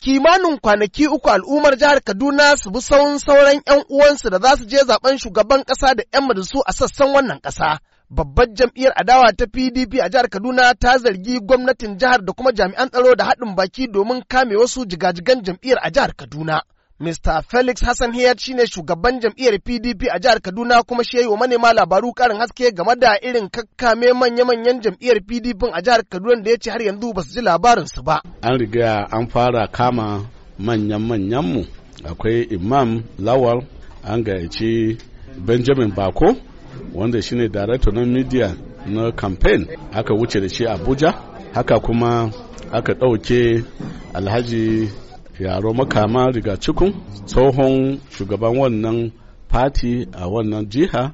kimanin kwanaki uku al'ummar jihar Kaduna su bi sauran sauran 'yan uwansu da za su je zaben shugaban ƙasa da 'yan majalisu a sassan wannan ƙasa. Babbar jam'iyyar adawa ta PDP a jihar Kaduna ta zargi gwamnatin jihar da kuma jami'an tsaro da haɗin baki domin kame wasu jigajigan jam'iyyar a jihar Kaduna. Mr. Felix Hassan Hiyar shine shugaban jam'iyyar PDP a jihar Kaduna kuma shi wa manema labaru karin haske game da irin kakkame manya-manyan jam'iyyar PDP a jihar Kaduna da ya ce har yanzu ba su ji su ba. An riga an fara kama manyan mu akwai Imam Lawal an gayyaci Benjamin Bako wanda shine director na media na campaign aka wuce da shi Abuja haka kuma aka ɗauke Alhaji yaro makama riga cikun tsohon shugaban wannan fati a wannan jiha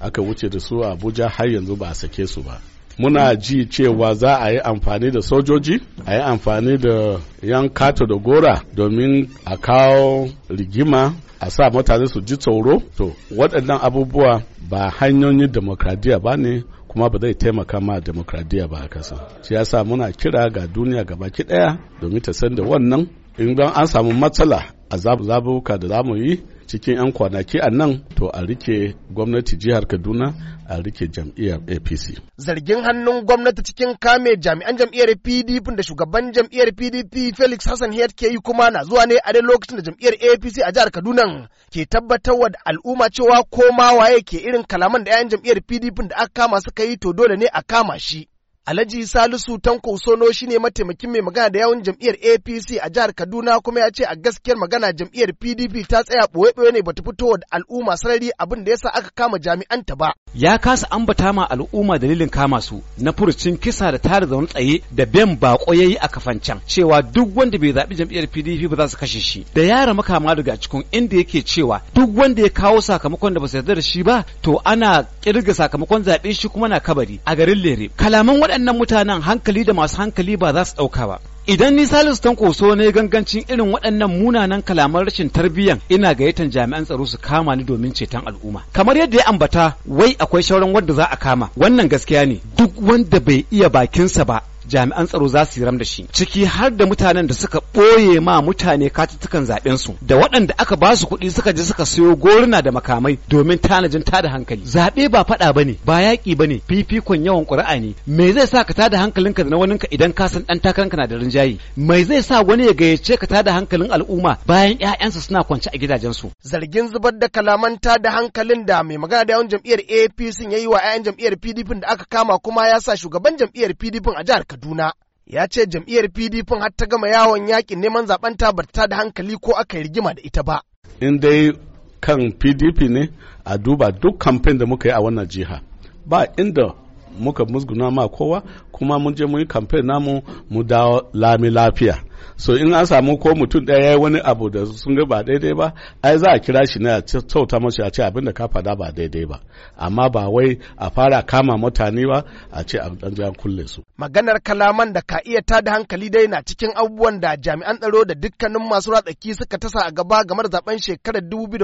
aka wuce da su abuja har yanzu ba a sake su ba muna ji cewa za a yi amfani da sojoji a yi amfani da yan kato da gora domin a kawo rigima a sa mutane su ji tsoro to waɗannan abubuwa ba hanyoyin demokradiyya ba ne kuma ba zai taimaka ma demokradiyya ba a kasa shi yasa muna kira ga duniya gabaki ɗaya domin ta san da wannan in don an samu matsala a zabuka da za mu yi cikin 'yan kwanaki a nan to a rike gwamnati jihar kaduna a rike jam'iyyar apc zargin hannun gwamnati cikin kame jami'an jam'iyyar pdp da shugaban jam'iyyar pdp felix hassan hayat ke yi kuma na zuwa ne a dai lokacin da jam'iyyar apc a jihar kaduna ke tabbatarwa da al'umma cewa ko ma waye ke irin kalaman da 'ya'yan jam'iyyar pdp da aka kama suka yi to dole ne a kama shi Alhaji Salisu Tanko Sono shine mataimakin mai magana da yawun jam'iyyar APC a jihar Kaduna kuma ya ce a gaskiyar magana jam'iyyar PDP ta tsaya ɓoye-ɓoye ne bata fito da al'umma sarari abin da yasa aka kama jami'an ta ba. Ya kasa ambata ma al'umma dalilin kama su na furucin kisa da tare wani tsaye da Ben Bako yayi a kafancan cewa duk wanda bai zaɓi jam'iyyar PDP ba za su kashe shi da yara makama daga cikin inda yake cewa duk wanda ya kawo sakamakon da ba su yarda da shi ba to ana kirga sakamakon zaɓe shi kuma na kabari a garin Lere. Kalaman waɗannan mutanen hankali da masu hankali ba za su ɗauka ba idan ni salisu tankoso ne gangancin irin waɗannan munanan kalaman rashin tarbiyyan ina gayyatan jami'an tsaro su kama ni domin ceton al'umma kamar yadda ya ambata wai akwai shauran wanda za a kama wannan gaskiya ne duk wanda bai iya bakinsa ba jami'an tsaro za su ram da shi ciki har da mutanen da suka ɓoye ma mutane katutukan zaɓen su da waɗanda aka ba su kuɗi suka je suka sayo goruna da makamai domin tanajin tada hankali zaɓe ba faɗa bane ba yaƙi bane fifikon yawan ƙuri'a ne me zai sa ka tada hankalinka da na waninka idan ka san ɗan takaranka na da rinjayi? me zai sa wani ya gayyace ka tada hankalin al'umma bayan ƴaƴansu suna kwance a gidajensu zargin zubar da kalaman tada hankalin da mai magana da yawan jam'iyyar APC ya yi wa 'ya'yan jam'iyyar PDP da aka kama kuma ya sa shugaban jam'iyyar PDP a jihar Kaduna. Ya ce jam'iyyar PDP har ta gama yawon yakin neman zaben ta ta da hankali ko aka yi rigima da ita ba. In dai kan PDP ne a duba duk kamfen da muka yi a wannan jiha. Ba inda muka musguna ma kowa kuma mun je mun yi kamfen namu mu dawo lami lafiya. so in an samu ko mutum ɗaya ya yi wani abu da sun ga ba daidai ba ai za a kira shi na a sauta mashi a ce abin da ka faɗa ba daidai ba amma ba wai a fara kama mutane ba a ce a ɗan kulle su. maganar kalaman da ka iya tada hankali dai na cikin abubuwan da jami'an tsaro da dukkanin masu ratsaki suka tasa a gaba game da zaben shekarar biyu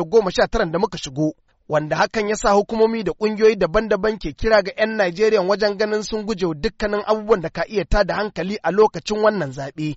da muka shigo. wanda hakan ya sa hukumomi da ƙungiyoyi daban-daban ke kira ga 'yan Najeriya wajen ganin sun guje dukkanin abubuwan da ka iya tada hankali a lokacin wannan zaɓe.